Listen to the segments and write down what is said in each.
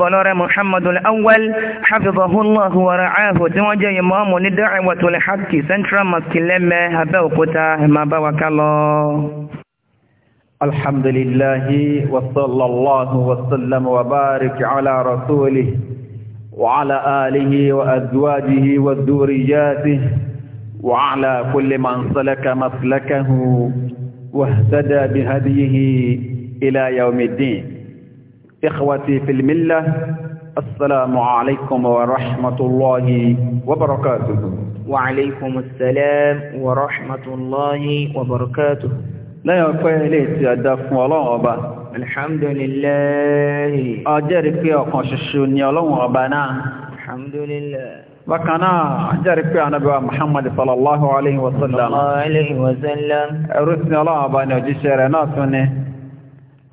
بلاره محمد الأول حفظه الله ورعاه توجه إمام الدعوة الحق سنترا مسكلمة هبوكتا ما بوك الله الحمد لله وصلى الله وسلم وبارك على رسوله وعلى آله وأزواجه وذرياته وعلى كل من سلك مسلكه واهتدى بهديه إلى يوم الدين إخوتي في الملة السلام عليكم ورحمة الله وبركاته وعليكم السلام ورحمة الله وبركاته لا يقول ليس يدف ولا أبا الحمد لله أجري في يا يلون أبنا الحمد لله وكان أجرك يا نبي محمد صلى الله عليه وسلم صلى الله عليه وسلم أرسل الله náà tún ní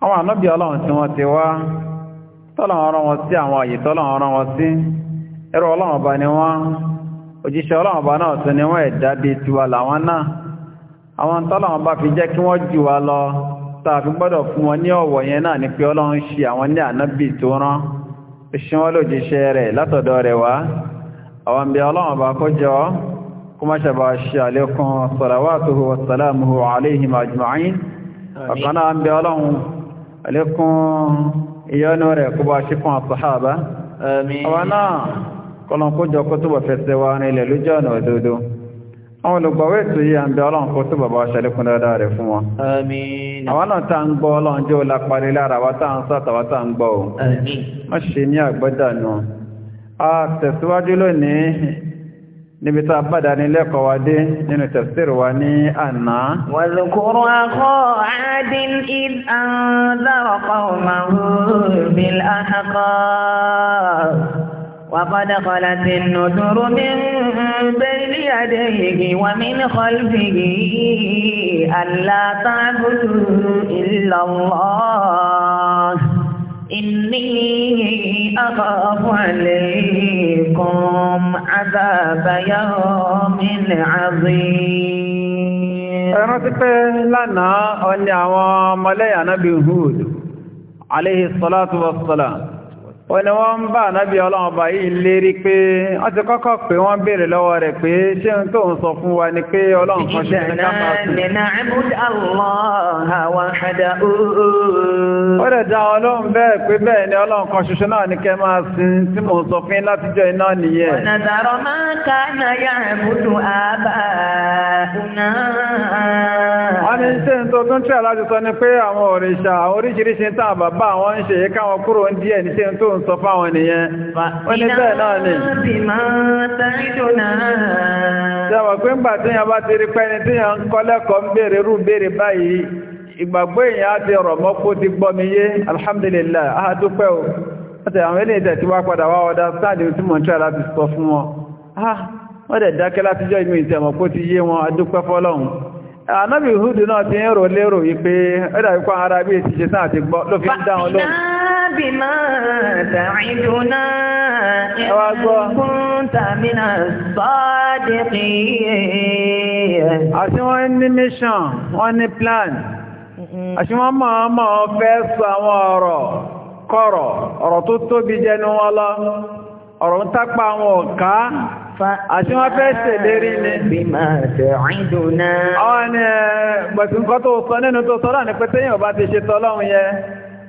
àwọn ànábì ọlọ́run tí wọ́n ti wá tọ́lọ̀wọ́n rán wọn sí àwọn àyè tọ́lọ̀wọ́n rán wọn sí ẹrú ọlọ́run bá ní wọ́n òjíṣẹ́ ọlọ́run bá náà tún ní wọ́n ẹ̀dá bí tiwa làwọn náà àwọn tọ́lọ̀wọ́n bá fi jẹ́ kí wọ́n jù wá lọ tààfi gbọ́dọ̀ fún wọn ní ọ̀wọ̀ yẹn náà ni pé ọlọ́run ṣe àwọn ní ànábì tó rán iṣẹ́ ń bẹ ọlọ́run àlékún ìyọ́nú rẹ̀ kó bá ṣíkún àṣàhábá àwọn náà kọlọ̀kójọ kó túbọ̀ fẹsẹ̀ wa ní ilẹ̀ lójú ọ̀nà òdodo àwọn olùgbàwé ètò yìí àmì ọlọ́run kó túbọ̀ bá ṣàlékún dáadáa rẹ̀ fún wọn àwọn náà tá ń gbọ́ ọlọ́run jẹ́ oláparí lára wa tá ń sátàwà tá ń gbọ́ níbi tá a bá dání lẹ́kọ̀ọ́ wa dé nínú tafsir wa ní àná. wàlùkúrú akọ́ àádín id anzara qawmahu bil ahqaf وقد خلت النذر من بين يديه ومن خلفه ألا تعبدوا إلا الله إني أخاف عليه يذيقكم عذاب يوم عظيم ẹ̀rántí pé lánàá ọlẹ́ àwọn ọmọlẹ́yà náà bí hùd aléhìsọ́látù wọ́sọ́lá wọ́n ni ń bá ànábí ọlọ́run bá yìí lérí pé wọ́n ti kọ́kọ́ pé wọ́n béèrè lọ́wọ́ rẹ̀ pé ṣé ń tó ń sọ fún wa ni pé ọlọ́run kan ṣe ń wọ́n ṣe ń tó tún tẹ̀ láti sọ ni pé àwọn òrìṣà oríṣiríṣi tá àbàbà ń ṣe é káwọn kúrò ń díẹ̀ ní ṣe ń tó ń sọ fáwọn ènìyàn ó bẹ́ẹ̀ náà ni. ṣàwọ̀ pé ńgbà tí yẹn bá ti rí pẹ́ni tí yẹn ń kọ́ lẹ́kọ̀ọ́ ń béèrè rú béèrè báyìí ìgbàgbọ́ èèyàn ti rọ̀ mọ́kó ti gbọ́ mi yé alhamdulillah á o àti àwọn ilé ìtẹ̀ tí wá padà wá ọ̀dá sáàdì tí mọ̀ tí aláti sọ fún wọn ah, wọ́n dẹ̀ dákẹ́ láti jọ ìmú ìtẹ̀mọ̀ kó ti yé wọn adúpẹ́ fọ́lọ́hun ànábì húdù náà ti ń rò lérò wípé ẹ̀dà wípé ara bí i ti ṣe ti gbọ́ ló fi ń dá lóhùn تعدنا إن كنت من الصادقين àti wọ́n ní mission wọ́n ní plan àti wọ́n máa بجنو ولا sọ àwọn ọ̀rọ̀ kọ̀rọ̀ ọ̀rọ̀ tó tóbi jẹnu wọn lọ ọ̀rọ̀ ń tápa àwọn ọ̀ká àti ṣèlérí ni bí máa tẹ̀ tó sọ nínú tó sọ́lá ní pẹ́tẹ́yìn ọba ti ṣe tọ́lọ́run yẹ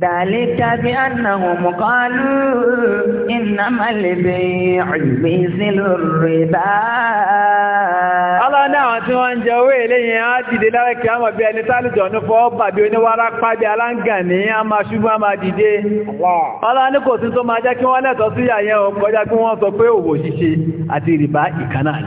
ذلك بأنهم قالوا إنما البيع مثل الربا Allah àwọn tí wọ́n ń á dìde a mọ̀ bí ẹni tálìjọ ní fọ́ bàbí oníwárá pàbí ní a máa ṣubú a máa dìde. Allah ní kò tún tó máa jẹ́ kí wọ́n lẹ́tọ̀ sí kí wọ́n sọ pé òwò ṣíṣe àti rìbá ìkànnà ní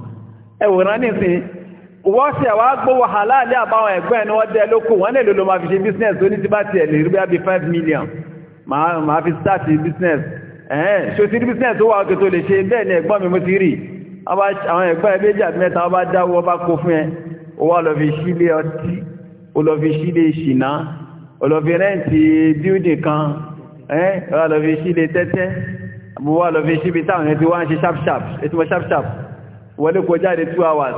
ẹ̀wòrán nìsín wọ́n ṣe àwọn agbówó halálẹ́ àbáwọn ẹ̀gbọ́n ẹni wọ́n dẹ lókù wọ́n lè lòlò máa fi ṣe business tó ní tí bá ti ẹ̀ lè rí bí 5 million máa fi start business ẹ̀ẹ́n ṣo ti rí business tó wà ókè tó lè ṣe bẹ́ẹ̀ ni ẹ̀gbọ́n mi mo ti rí àwọn ẹ̀gbọ́n ẹgbẹ́jà mẹ́ta wọ́n bá dáwọ́ wọ́n bá kó fún ẹ wọ́n lọ fi sílé ọtí olọ fi sílé ìṣìná olọ fi sharp sharp wọlé kọjá dé 2 hours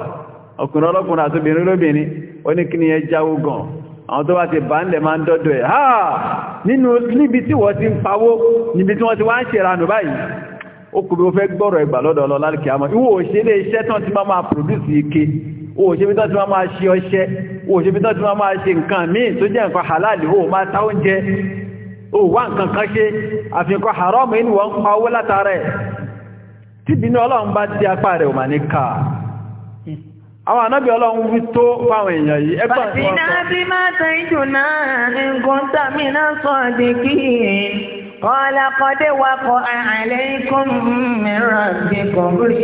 ọkùnrin ọlọ́kùnrin àti obìnrin lóbìnrin ó ní kí ni ẹ jáwó gan àwọn tó bá ti bá ń lẹ̀ máa ń dọ́dọ̀ ẹ̀ ha nínú níbi tí wọ́n ti ń pawó níbi tí wọ́n ti wá ń ṣèrànù báyìí ó kò bí ó fẹ́ gbọ́rọ̀ ẹgbà lọ́dọ̀ ọlọ́ lálùkì àmọ́ ìwò òṣèlé iṣẹ́ tán ti máa máa pòdúsì ike òṣèbí tán ti máa máa ṣe ọṣẹ́ òṣèbí tán ti máa máa ṣe nǹkan míì tó jẹ́ tíbínú ọlọ́run bá dí apá rẹ̀ ò mà ní àwọn ọlọ́run wí tó fáwọn èèyàn yìí ẹgbọ́n tí wọ́n sọ. bàtí náà bí máa tẹ nǹkan tàbí náà sọ di kí mìíràn kò rí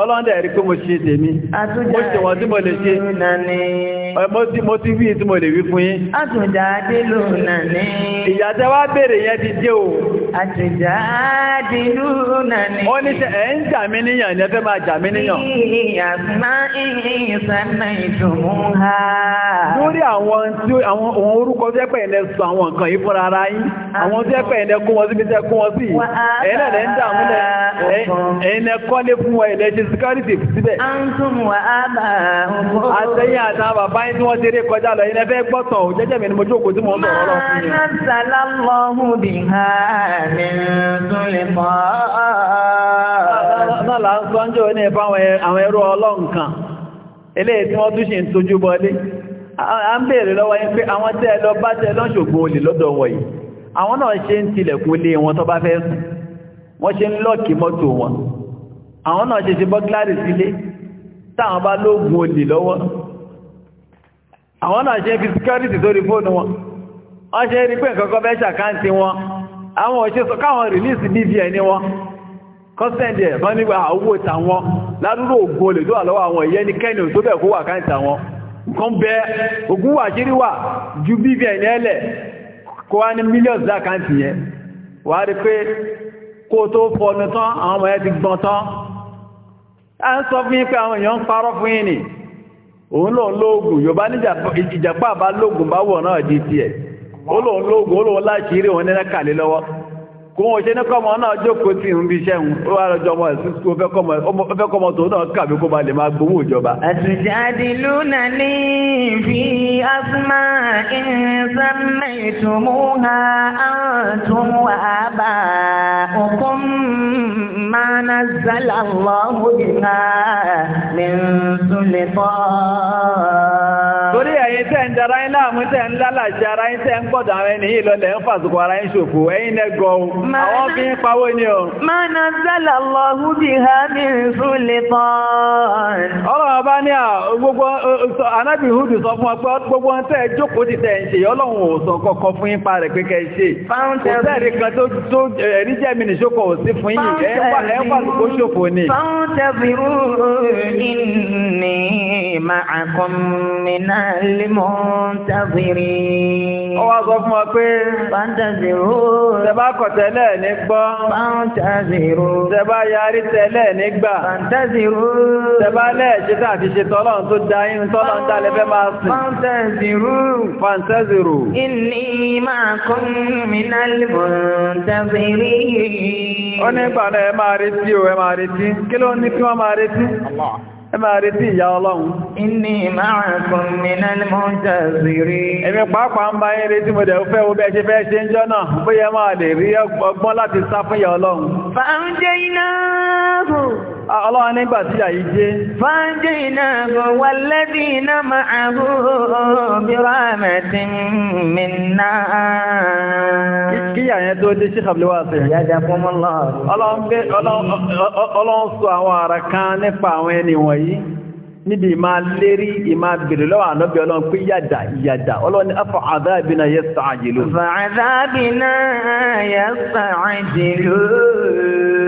ọlọ́ndẹ̀ rí pé mo ṣe tèmi mo ṣe wọ́n tí mo lè ṣe mo ti wí tí mo lè wí fún yín àtúndà dìlú nàní ìyàtẹ́ wá bèèrè yẹn ti dé o àtúndà dìlú nàní ó ní ṣe ẹ̀ ń jà mí níyàn ní ẹ fẹ́ máa jà mí níyàn ìyàgbá ìsànà ìdùnnú ha lórí àwọn orúkọ tẹ́pẹ̀ ẹ̀lẹ́ sọ àwọn nǹkan yìí fúnra ara yín àwọn tẹ́pẹ̀ ẹ̀lẹ́ kó wọn síbi tẹ́ kó wọn sí ẹ̀lẹ́ ẹ̀lẹ́ ń dààmú ẹ̀lẹ́ kọ́lé fún ẹ̀lẹ́ ṣe síkárìtì síbẹ̀. a ń a wà á bá òun. àtẹ̀yìn a bàbá yín tí wọ́n ti rí kọjá lọ yín lẹ́fẹ́ gbọ́tàn ò jẹ́jẹ́ mi ni mo jókòó tí ń sọ̀rọ̀ lọ fún yín. máa ń sàlámọ́hùn bí ha mi tún lè mọ́. a ń bèèrè lọ́wọ́ yín pé àwọn tẹ́ lọ bá olè àwọn náà ṣe ṣe bọ́gílárì sílé táwọn bá lóògùn olè lọ́wọ́ àwọn náà ṣe fi security fóònù wọn wọ́n ṣe rí pé nǹkankan bẹ́ ṣàkáǹtì wọn àwọn òṣè sọ káwọn release dvn wọn kọ́sẹ̀ndì nígbà owó tàwọn ládúró ògùn olè tó wà lọ́wọ́ àwọn ní kẹ́ni tó bẹ̀ kó wà nǹkan bẹ wà ju dvn ẹlẹ̀ kó wá ní millions lákáǹtì yẹn wà á rí pé kó tó fọnu tán àwọn ọmọ ti a ń sọ fún ya pé àwọn èèyàn ń parọ́ fún yín ni òun lòun lóògùn Yorùbá ní ìjàpá bá lóògùn bá wọ̀ náà di tiẹ̀ ó lòun lóògùn ó lòun láṣìírí òun lọ́wọ́ wọ́n ṣe ní kọ́mọ náà jókòó tí ń bí iṣẹ́ ń ó wá lọ́jọ́ ọmọ ẹ̀sìn tó fẹ́ kọ́mọ tó náà kàbí kó ba lè máa gbowó ìjọba. ما نزل الله بها من سلطان tẹ́ ń dara yín láàmú tẹ́ ń lálàjì ara yín tẹ́ ń gbọ́dọ̀ àwọn ẹni yìí lọlẹ̀ ń ara yín ṣòfò ẹ̀yin nẹ́gọ̀ àwọn fi ń pawó ni o. máa ha mi fún tán. ọlọ́run ọba ní gbogbo anábì hudu sọ fún pé gbogbo ohun jókòó ti tẹ̀ ń ṣe ọlọ́run ò sọ kọ́kọ́ fún yín pa rẹ̀ pé kẹ́ ẹ ṣe. kò sẹ́ẹ̀rì kan tó ẹ̀rí jẹ́ mi nìṣókò ò منتظرين ó wá sọ fún wa pé fantaziru tẹ́bá kọ̀ tẹ́lẹ̀ ní gbọ́ fantaziru tẹ́bá yarí tẹ́lẹ̀ ní gbà fantaziru tẹ́bá lẹ̀ ṣe tá àti ṣe tọ́lọ̀ tó da yín tọ́lọ̀ ń dalẹ̀ fẹ́ máa sìn fantaziru fantaziru. inni ma'akum minal muntazirin. ó ní ìgbà náà ẹ máa retí o ẹ máa retí kí ló ní kí wọ́n máa retí máa retí ìyá ọlọ́run. Inni ma'akum minal muntazirin. Èmi pàápàá ń bá yín retí mo dẹ̀ fẹ́ fẹ́ ṣe ń jọ́ náà, bóyá máa lè rí ọgbọ́n láti sá fún ìyá ọlọ́run. Fàájẹ́ iná Ọlọ́run nígbà tí yà yìí dé. Fáńjì náà kò wà lẹ́bí iná máa hù bírọ̀ àmẹ́tí mi náà. Kí yà yẹn tó dé sí Ṣàbílíwá sí? Yàjà fún mọ́ lọ. Ọlọ́run sọ àwọn ara kan nípa àwọn ẹni wọ̀nyí níbi ìmá lérí ìmá bèrè lọ́wọ́ ànábì ọlọ́run pé yàdà yàdà ọlọ́run ní afọ àdáàbìnà yẹ sàájìlú. Fàdábìnà yẹ sàájìlú.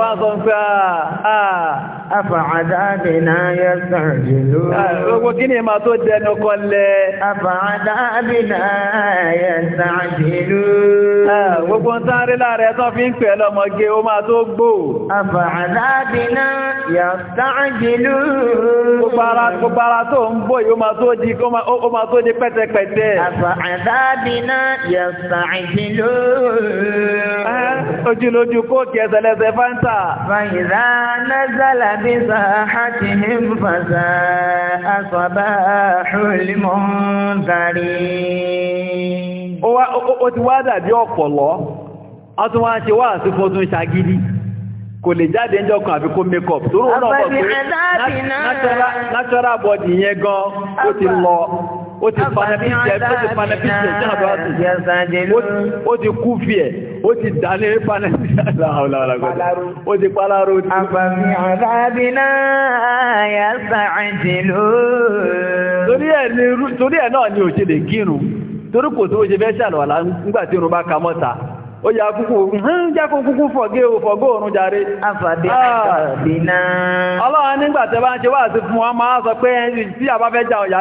wá ń sọ ń pé àà afàádáàbìnà yẹ́sàn jùlọ gbogbo kí ni ma tó dẹnu kọlẹ̀ afàádáàbìnà yẹ́sàn jùlọ gbogbo ń sáré láàrẹ tán fi ń pẹ̀ lọ́mọge ó máa tó gbò afàádáàbìnà yẹ́sàn jùlọ gbogbo ojúlójú kóòkì ẹsẹ̀lẹ́sẹ̀ fáńtì فإذا نزل بساحتهم فساء صباح المنذرين O ti wá dàbí ọ̀pọ̀lọ́ a tún wá ṣe wá àsìkò tún ṣagídí kò lè jáde ń jọkàn àfikò makeup tó rò náà bọ̀ pé natural lọ o ti fana jẹ o ti fana jẹ jẹ́ àbá a ti kú fi o ti dalé fana bí jẹ́ ó ti ti. àfàmì àbábínà yà torí ẹ náà ni òjèlè kírun torí kò tó ṣe fẹ́ ṣàlùwàlá nígbà tí irun bá ka mọ́ta. ó yà kúkú jákò kúkú fọ̀gé o fọ̀gó òrùn jàre. àfàdé àtàbínà. ọlọ́run nígbà tẹ́ bá ń ṣe wáàsí fún wọn máa sọ pé tí a bá fẹ́ ja ọ̀yà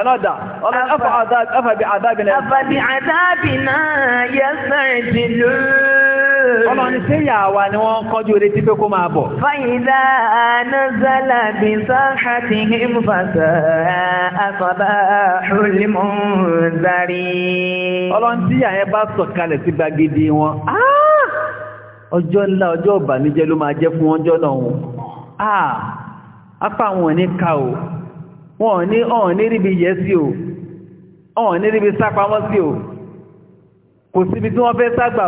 ọlọ́ni ṣé ìyàwó ni wọ́n kọjú retí pé kó máa bọ̀. fàyídà ànázàlà bí sáhàtì ìmùfàṣà àkọ́bá olùmọ̀ zarí. ọlọ́ni tí ìyà yẹn bá sọ̀kalẹ̀ sí gbàgede wọn ọjọ́ ńlá ọjọ́ ìbànújẹ́ ló máa jẹ́ fún wọn náà wọn apá wọn ní ká o wọn ní ọ̀n ní yẹ sí o ọ̀n ní ríbi sápamọ́ sí o kò síbi tí wọ́n fẹ́ ságbà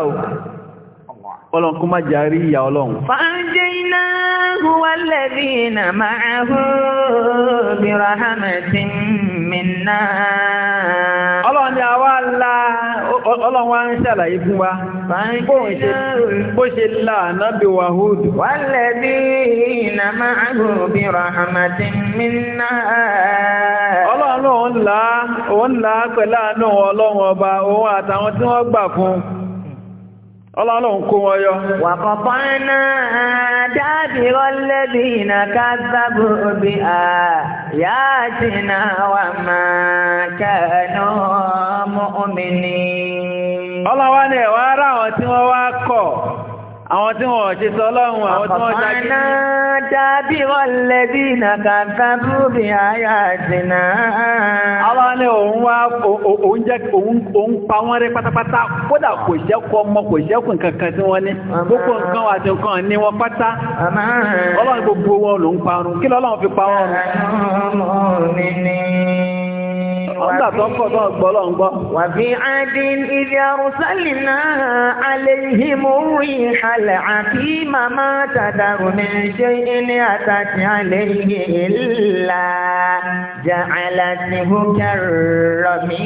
ọlọ́run kó má jà rí ìyà ọlọ́run. fàájẹ́ iná wàlẹ́bí iná máa hù bí rahamati minna. ọlọ́run ni àwa la ọlọ́run wa ń ṣàlàyé fún wa. fàájẹ́ iná bó ṣe iná máa hù bí rahamati minna. ọlọ́run òun là òun là pẹ̀lú àánú ọlọ́run ọba Ọlọ́run kó wọn yọ. Wàkọ̀kọ́ náà dábì rọ́lẹ́bì iná kásábò bí a yá ti náà wà máa kẹ́ẹ̀nà mú omi ni. Ọlọ́wọ́ ni ẹ̀wọ́ ara àwọn tí wọ́n wá kọ̀ àwọn tí wọ́n ṣe sọ lọ́run àwọn tí wọ́n ṣàkíyí. àpapọ̀ náà dábí wọlé bí iná kàfẹ́ búrúbì ayá àti náà. àwọn ni òun wá òun jẹ́ òun pa wọ́n rẹ́ pátápátá kódà kò jẹ́kọ́ ọmọ kò jẹ́kù nǹkankan tí wọ́n ní gbogbo nǹkan wà tí nǹkan ní wọn pátá ọlọ́run gbogbo wọn ló ń parun kí lọ́lọ́run fi pa wọ́n run ọgbà tó kọ̀ tó gbọ́ lọ ń gbọ́. wà bí adin ìdí arúsálì náà rí ìhàlẹ̀ àti màmá tàdàrú ní ṣe ilé àtàtì àlèyé ńlá jẹ́ àlàtì hùkẹ́rọ̀ mi.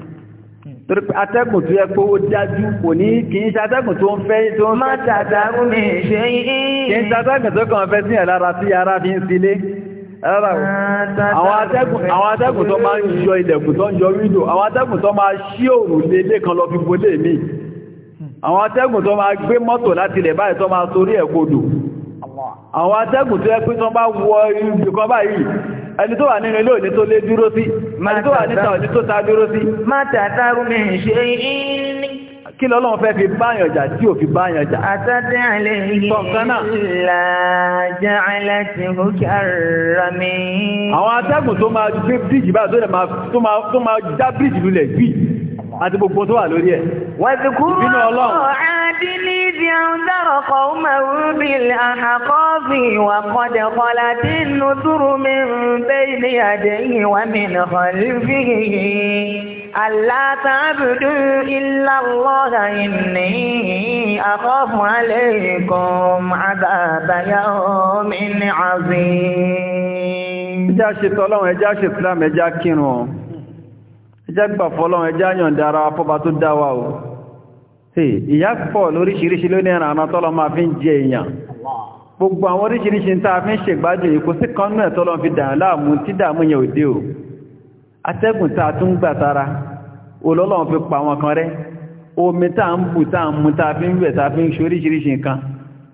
torí pé atẹ́gùn tó yẹ pé ó dájú kò ní kì í ṣe tó ń fẹ́ tó ń fẹ́. má tàtàkùn mi ṣe yìí. kì í ṣe tó kàn fẹ́ sí ẹ̀ lára tí ara fi ń sílé. àwọn atẹ́gùn tó máa ń yọ ilẹ̀kùn tó ń yọ wíńdò àwọn atẹ́gùn tó máa ṣí òrùn lélé kan lọ fi bolé mi. àwọn atẹ́gùn tó máa gbé mọ́tò láti ilẹ̀ báyìí tó máa sorí ẹ̀ kodò. àwọn atẹ́gùn tó yẹ pé tó bá wọ ibì kan báyìí ẹni tó wà nínú ilé òní tó lé dúró sí ẹni tó wà níta òní tó ta dúró sí má tàtàrù mi ṣe ní kí lọ́lọ́run fẹ́ fi báyàn tí ò fi báyàn jà àtàtà lè yí àti gbogbo tó wà lórí ẹ̀. wàzùkúrú ọ̀rọ̀ àdílé ìdí àǹdàrọ̀ kọ̀ mẹ́rún bí i àhàkọ́ọ̀bì wà kọ́dẹ̀ kọ́lá tí inú dúró mi ń Ẹjá ṣe tọ́lọ́run, ẹjá ṣe fúlàmù, ẹjá kírun ìjágbà fọ́lọ́run ẹjá yọ̀ǹda ara fọ́ba tó dáwà o ìyá pọ̀ lóríṣiríṣi ló ní ẹ̀rànà tọ́lọ máa fi ń jẹ èèyàn gbogbo àwọn oríṣiríṣi tàà fi ń ṣègbádùn èyí kò sí kanú ẹ̀ tọ́lọ fi dàn láàmú tí dàmú yẹn òde o atẹ́gùn tàà tún gbà tara olọ́lọ́run fi pa wọn kan rẹ́ omi tàà ń bù tàà ń mu tàà fi ń wẹ̀ tàà fi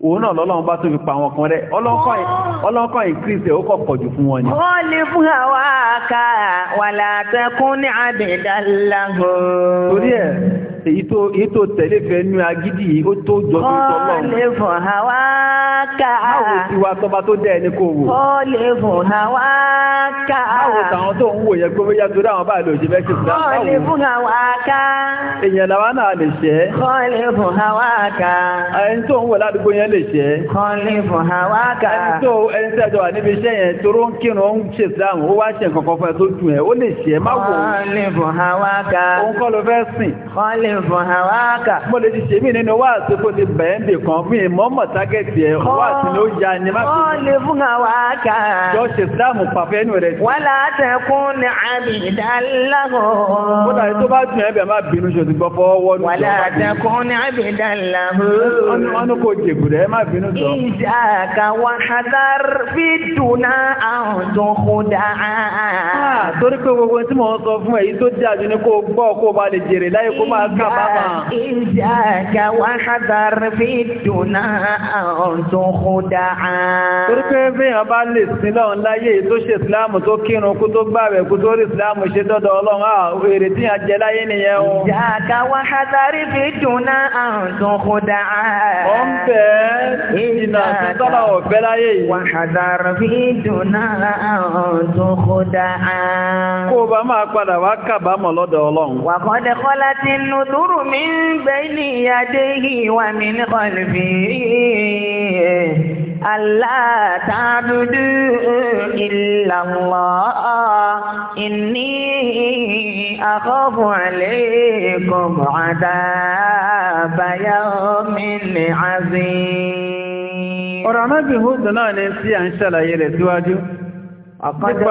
òun náà lọ́lọ́run bá tó fi pa wọn kan rẹ̀ ọlọ́kọ̀ ìkírísẹ̀ ó kọ̀kọ̀ jù fún wọn ni. ó lè fún àwọn ká wà ní àbẹ̀dàlágún. torí èyí tó tẹ̀lé fẹ́ nú agídí yìí ó tó jọ tó tọ́ lọ́wọ́. kọ́ lè fún àwa ká. báwo ti wa tọba tó dẹ́ ẹni kò wò. kọ́ lè fún àwa ká. báwo tàwọn tó ń wò yẹn pé bóyá torí àwọn báyìí ló ṣe fẹ́ ṣe fún àwọn. kọ́ lè fún àwa ká. èèyàn làwa náà lè ṣẹ́. kọ́ lè fún àwa ká. ẹni tó ń wò ládùúgbò yẹn lè ṣẹ́. kọ́ lè fún àwa ká. ẹni tó ẹni tẹ́ jọ wà níbi iṣẹ́ yẹn toró ń kírun ó ń ṣe ìsìlámù ó wá ṣe nǹkan kan fún ẹ tó dùn ẹ ó lè ṣẹ́ má wò. kọ́ lè fún àwa ká. òun kọ́ ló fẹ́ sìn. kọ́ lè ìfọ̀n àwáàkà. Mo lè ti ṣe mí nínú wá àsopọ̀ ti bẹ̀ẹ́ ń bì kan fún ìmọ̀ọ́mọ̀ tágẹ́tì ẹ̀ wá àti ní ya ni má Wọ́n lè fún àwáàkà. Jọ́ọ̀ṣì Ìsìláàmù pàfẹ́ inú rẹ̀. Wọ́n là ní àbìdá Mo tàbí tó bá dùn ẹ̀bẹ̀ má bínú ṣòtì gbọ́ fọwọ́ Wọ́n ní àbìdá lágọ̀. Wọ́n kò jègùrẹ́ má bínú sọ. Ìjà kàwá hadar fi dùnà àwọn tó kó dáa. Torí pé gbogbo tí mo sọ fún ẹ yìí tó dáa jù kó gbọ́ kó ba lè jèrè láyé kó máa kábàámà. ìjàkà wà hádàrí fi dùnà ọ̀dún kúdà á. torí pé fíyàn bá lè sin lọ́run láyé tó ṣe ìsìláàmù tó kírun kú tó gbààwẹ̀ kú tó rí ìsìláàmù ṣe dọ́dọ̀ ọlọ́run á èrè tí yàn jẹ láyé nìyẹn o. ìjàkà wà hádàrí fi dùnà ọ̀dún kúdà يدور من بين يديه ومن خلفه ألا تعبدوا إلا الله إني أخاف عليكم عذاب يوم عظيم ọ̀rọ̀ náà bí hùdù náà ní sí à ń ṣàlàyé rẹ̀ síwájú قد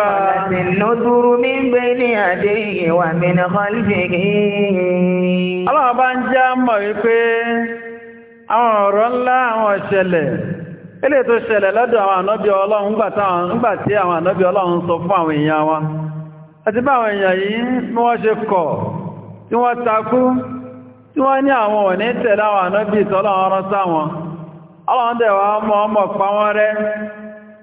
النذر من بين يديه ومن خلفه bá ń já mọ̀ wípé ọ̀rọ̀ ńlá àwọn ilé tó ṣẹlẹ̀ lọ́dọ̀ àwọn ànábí ọlọ́run ńgbà tí àwọn ànábí ọlọ́run sọ fún àwọn èèyàn wa àti bá àwọn èèyàn yìí wọ́n ṣe kọ̀ tí wọ́n takú tí wọ́n ní àwọn òní àwọn ìtọ́lọ́run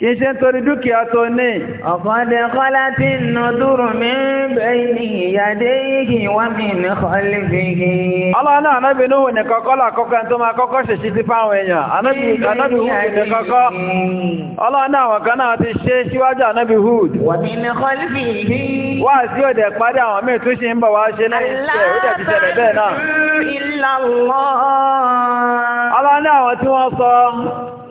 kìí ṣe nítorí dúkìá tó ní. ọ̀fọ́dẹ̀ kọ́lá tí nù dúró mi ń bẹ ní ìyàdé yìí wá mi ní kọ́lé fìgì. ọlọ́run náà anábì ní òun nìkan kọ́lá kọ́kọ́ tó máa kọ́kọ́ ṣèṣì sí fáwọn èèyàn anábì Hud nìkan kọ́ ọlọ́run náà àwọn kan náà ti ṣe síwájú anábì Hud. wà mí ní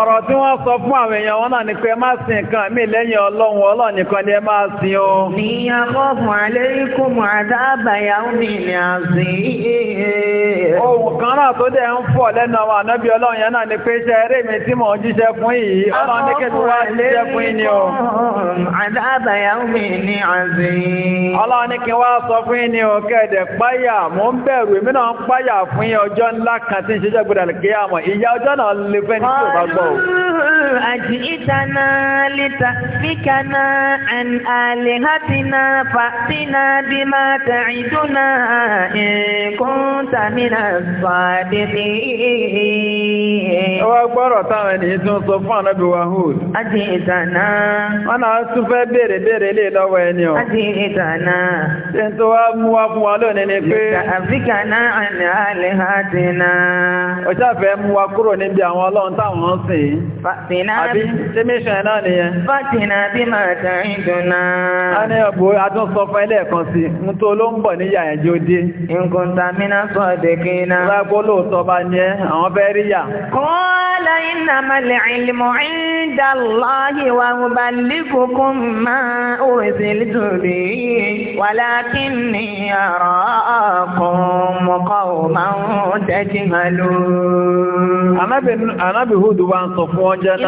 ọ̀rọ̀ tí wọ́n sọ fún àwọn èèyàn wọn náà ni pé má sin nǹkan mí lẹ́yìn ọlọ́run ọlọ́run nìkan ni ẹ máa sin o. ní akọ́kùn alaykum àdáàbà yawmin azim. ohun kan náà tó dẹ̀ ń fọ̀ lẹ́nu àwọn ànábì ọlọ́run yẹn náà pé iṣẹ́ eré mi tí mò ń jíṣẹ́ fún yìí ọlọ́run ní yìí ní kí sọ yìí know أجئتنا لتأفكنا عن آلهتنا فأتنا بما تعدنا إن كنت من الصادقين وأكبر táwọn ènìyàn tí ó sọ fún ànábì wa Hud. a ti ìtànà. wọ́n náà tún fẹ́ béèrè béèrè lè lọ́wọ́ ẹni o. a ti ìtànà. ṣe tó wá Àbí tẹ́mẹ́ṣẹ̀ náà nìyẹn. Fátìnà bí máa tàrí dùnà. A ní ọ̀bọ̀ adún sọ fún ẹlẹ́ kan sí, ń tó ló ń bọ̀ níyà ẹ̀ jó dé. Nǹkan tàmínà sọ dèkì náà. Lágbó bá ní ẹ́, àwọn fẹ́ rí yà. Kọ́ọ́lá iná wa ń bá lígùnkún máa òrìṣì lítòrí. Wàlákì ní àrọ̀ ọkùnrin mọ̀kọ́ ò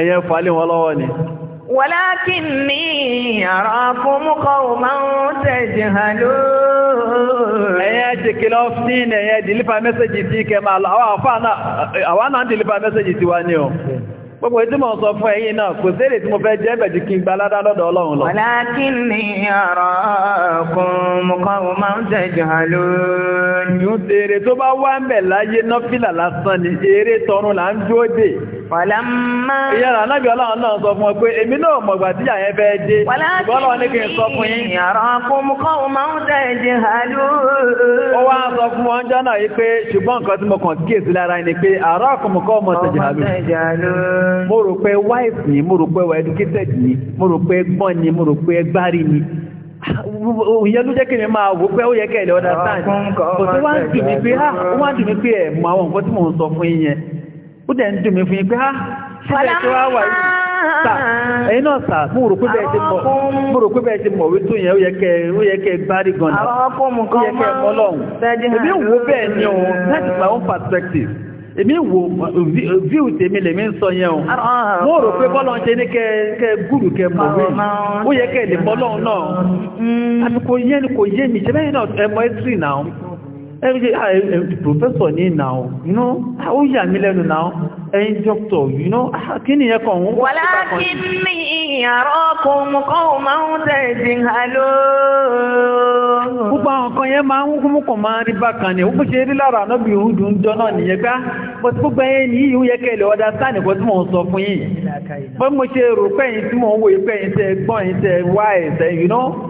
ẹ̀yẹ falẹ̀ wọn lọ́wọ́ ni. wọ́lákin ní àrà fún mọ́kọ́ máa ń tẹ̀jì hàn ló. ẹ̀yẹ ti kìlọ̀ sí ẹ̀yẹ dìlífà mẹ́sẹ̀jì tí kẹ máa lọ àwọn náà dìlífà mẹ́sẹ̀jì tiwa ni o. gbogbo tí mo sọ fún ẹ̀yin náà kò sí èrè tí mo fẹ́ jẹ́ bẹ̀jì kí n gba aládá lọ́dọ̀ ọlọ́run lọ. walakinni arakum qawman tajhalun. èrè tó bá wá ń bẹ̀ láyé nọ́fìlà lásán ni èrè tọrun là ń dúró dè. Ìyára ọlọ́run náà sọ fún ọ pé èmi náà mọ̀gbà tí àyẹ fẹ́ dé. ní kí n sọ fún yín. máa ń Ó wá sọ mo rò pé wife ni mo rò pé educated ni mo rò pé gbọ́n ni mo rò pé gbárí ni ìyẹn ló jẹ́ kí ni máa wò pé ó yẹ kẹ́lẹ̀ sáà tí ń dùn pé ah, náà sà rò pé bẹ́ẹ̀ ti mọ̀ wí tó yẹn ó yẹ kẹ́ gbárí gan-an ó yẹ kẹ́ perspective èmi wo view tèmi lèmi ń sọ yẹn o mo rò pé bọ́lọ̀ ń ṣe ní kẹ kẹ gúrù kẹ mọ̀ wí ó yẹ kẹ lè bọ́lọ̀ náà mm. àti kò yé mi ṣe náà ẹmọ náà Every day everyday ah eh, eh, professor now you know ah, ó yà mí lẹ́nu now ẹ̀yin doctor you know ah, kí ni yẹn kàn wọ́n. wàlá kí ni ìyàrọ́kùn kọ́ máa ń tẹ̀sí hàló. gbogbo àwọn kan yẹn máa ń kún kàn máa rí bákan ni gbogbo ṣe rí lára ànábì òhùdù ń jọ náà nìyẹn gbá bọ́tí gbogbo ẹ̀yìn ní ìhù yẹ kẹ́lẹ̀ ọ̀dà sáàni kọ́ tí mo ṣe rò pẹ́yìn tí mò ń wò yìí pẹ́yìn tẹ́ gbọ́n yìí tẹ́ wá ẹ̀sẹ̀ yìí náà.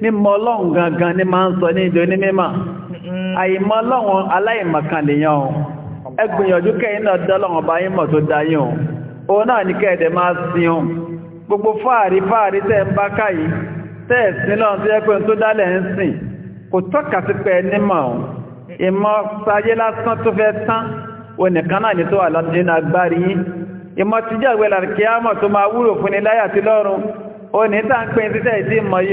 N'ime ọlọ́run gangan ní máa ń sọ ní ìjọ ní mímọ̀ àìmọ̀ ọlọ́run aláìmọ̀kànlèyàn ẹgbìyànjú kẹ́yìn náà dọ́lọ́run bá yín mọ̀ tó dáyìn òun náà ní kẹ́ẹ̀dẹ̀ máa sin ohun gbogbo fáàrí fáàrí tẹ́ ń bá káyí tẹ́ sí náà ní tó wà nínú agbárí yín ìmọ̀ tíjà ìwẹ̀lẹ̀ kíámọ̀ tó máa tí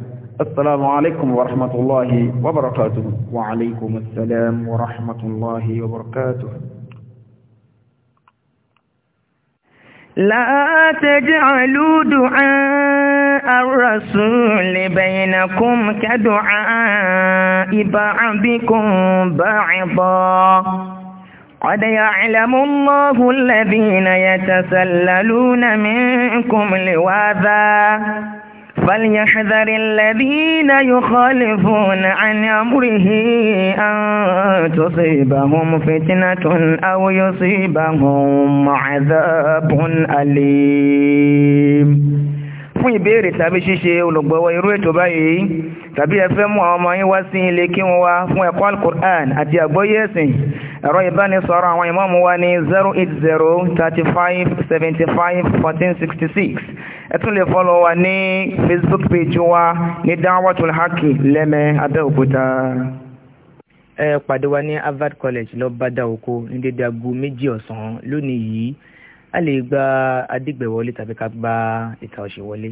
السلام عليكم ورحمة الله وبركاته وعليكم السلام ورحمة الله وبركاته لا تجعلوا دعاء الرسول بينكم كدعاء بعضكم بعضا قد يعلم الله الذين يتسللون منكم لواذا فليحذر الذين يخالفون عن أمره أن تصيبهم فتنة أو يصيبهم عذاب أليم fún ìbéèrè tàbí ṣíṣe olùgbọ́wọ́ irú ètò báyìí tàbí ẹ mú àwọn ọmọ yín wá sí ilé kí wọ́n wá fún ẹ̀kọ́ al àti àgbọ́yé ẹ̀sìn ẹ̀rọ ìbánisọ̀rọ̀ àwọn ìmáàmù wa ní 080 35 75 1466 ẹ tún lè fọ́lọ̀ wa ní facebook page wa ní Da'watul Haqq lẹ́mẹ́ Abẹ́òkúta ẹ pàdé wa ní Harvard College lọ bá dá oko ní dédé aago méjì ọ̀sán lónìí yìí a lè gba adígbẹ̀wọlé tàbí ká gba ìta ọ̀ṣẹ̀ wọlé